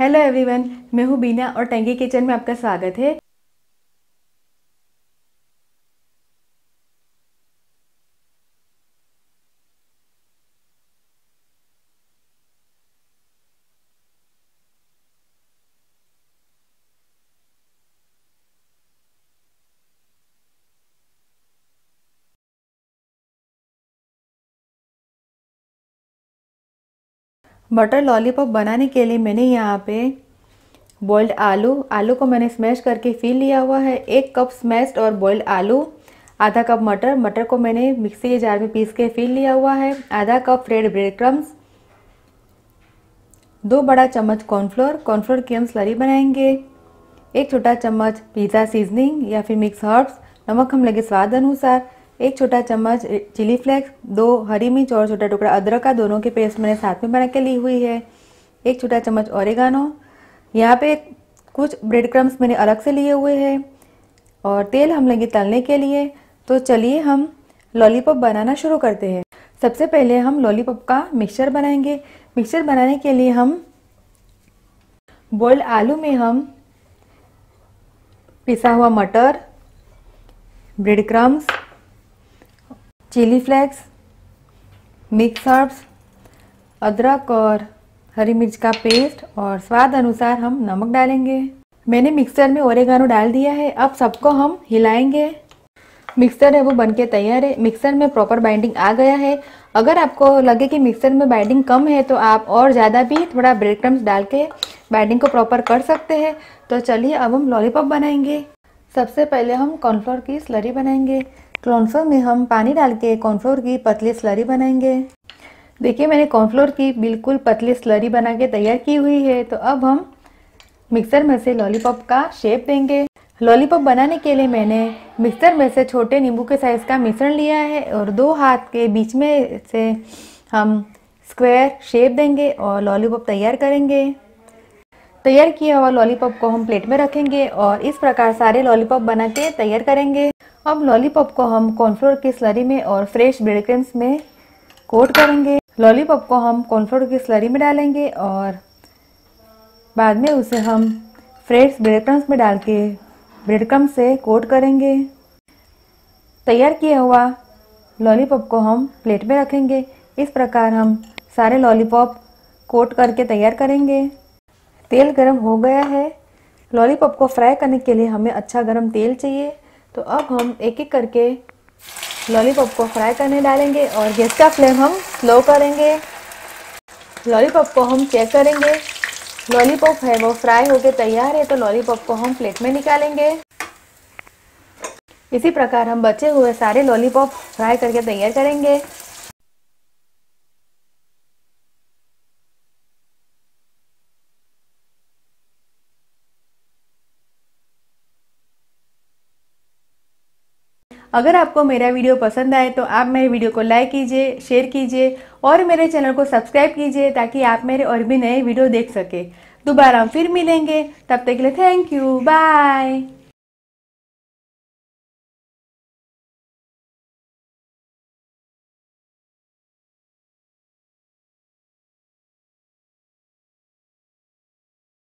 hello everyone मैं हूँ बीना और टेंगी किचन में आपका स्वागत है बटर लॉलीपॉप बनाने के लिए मैंने यहाँ पे बॉइल्ड आलू आलू को मैंने स्मैश करके फील लिया हुआ है एक कप स्मैश्ड और बॉइल्ड आलू आधा कप मटर मटर को मैंने मिक्सी के जार में पीस के फील लिया हुआ है आधा कप रेड ब्रेड क्रम्स दो बड़ा चम्मच कॉर्नफ्लोर कॉर्नफ्लोर की हम स्लरी बनाएंगे एक छोटा चम्मच पिज़्ज़ा सीजनिंग या फिर मिक्स हर्ब्स नमक हम लगे स्वाद अनुसार एक छोटा चम्मच चिली फ्लेक्स दो हरी मिर्च और छोटा टुकड़ा अदरक का दोनों के पेस्ट मैंने साथ में बना के ली हुई है एक छोटा चम्मच औरगानो यहाँ पे कुछ ब्रेड क्रम्स मैंने अलग से लिए हुए हैं और तेल हम लेंगे तलने के लिए तो चलिए हम लॉलीपॉप बनाना शुरू करते हैं सबसे पहले हम लॉलीपॉप का मिक्सचर बनाएंगे मिक्सचर बनाने के लिए हम बॉइल्ड आलू में हम पिसा हुआ मटर bread crumbs chilli flakes mix herbs अदरक और हरी मिर्च का पेस्ट और स्वाद अनुसार हम नमक डालेंगे मैंने मिक्सर में ओरेगानो डाल दिया है अब सबको हम हिलाएंगे मिक्सर है वो बनके तैयार है मिक्सर में प्रॉपर बाइंडिंग आ गया है अगर आपको लगे कि मिक्सर में बाइंडिंग कम है तो आप और ज़्यादा भी थोड़ा ब्रेड क्रम्स डाल के बाइंडिंग को प्रॉपर कर सकते हैं तो चलिए अब हम लॉलीपॉप बनाएंगे सबसे पहले हम कॉर्नफ्लोर की स्लरी बनाएंगे कॉर्नफ्लोर में हम पानी डाल के कॉर्नफ्लोर की पतली स्लरी बनाएंगे देखिए मैंने कॉर्नफ्लोर की बिल्कुल पतली स्लरी बना के तैयार की हुई है तो अब हम मिक्सर में से लॉलीपॉप का शेप देंगे लॉलीपॉप बनाने के लिए मैंने मिक्सर में से छोटे नींबू के साइज़ का मिश्रण लिया है और दो हाथ के बीच में से हम स्क्वायर शेप देंगे और लॉलीपॉप तैयार करेंगे तैयार किया हुआ लॉलीपॉप को हम प्लेट में रखेंगे और इस प्रकार सारे लॉलीपॉप बना के तैयार करेंगे अब लॉलीपॉप को हम कॉर्नफ्लोर की स्लरी में और फ्रेश ब्रेड क्रम्स में कोट करेंगे लॉलीपॉप को हम कॉर्नफ्लोर की स्लरी में डालेंगे और बाद में उसे हम फ्रेश ब्रेड क्रम्स में डाल के ब्रेड क्रम्स से कोट करेंगे तैयार किया हुआ लॉलीपॉप को हम प्लेट में रखेंगे इस प्रकार हम सारे लॉलीपॉप कोट करके तैयार करेंगे तेल गरम हो गया है लॉलीपॉप को फ्राई करने के लिए हमें अच्छा गरम तेल चाहिए तो अब हम एक एक करके लॉलीपॉप को फ्राई करने डालेंगे और गैस का फ्लेम हम स्लो करेंगे लॉलीपॉप को हम चेक करेंगे लॉलीपॉप है वो फ्राई होके तैयार है तो लॉलीपॉप को हम प्लेट में निकालेंगे इसी प्रकार हम बचे हुए सारे लॉलीपॉप फ्राई करके तैयार करेंगे अगर आपको मेरा वीडियो पसंद आए तो आप मेरे वीडियो को लाइक कीजिए शेयर कीजिए और मेरे चैनल को सब्सक्राइब कीजिए ताकि आप मेरे और भी नए वीडियो देख सकें दोबारा हम फिर मिलेंगे तब तक के लिए थैंक यू बाय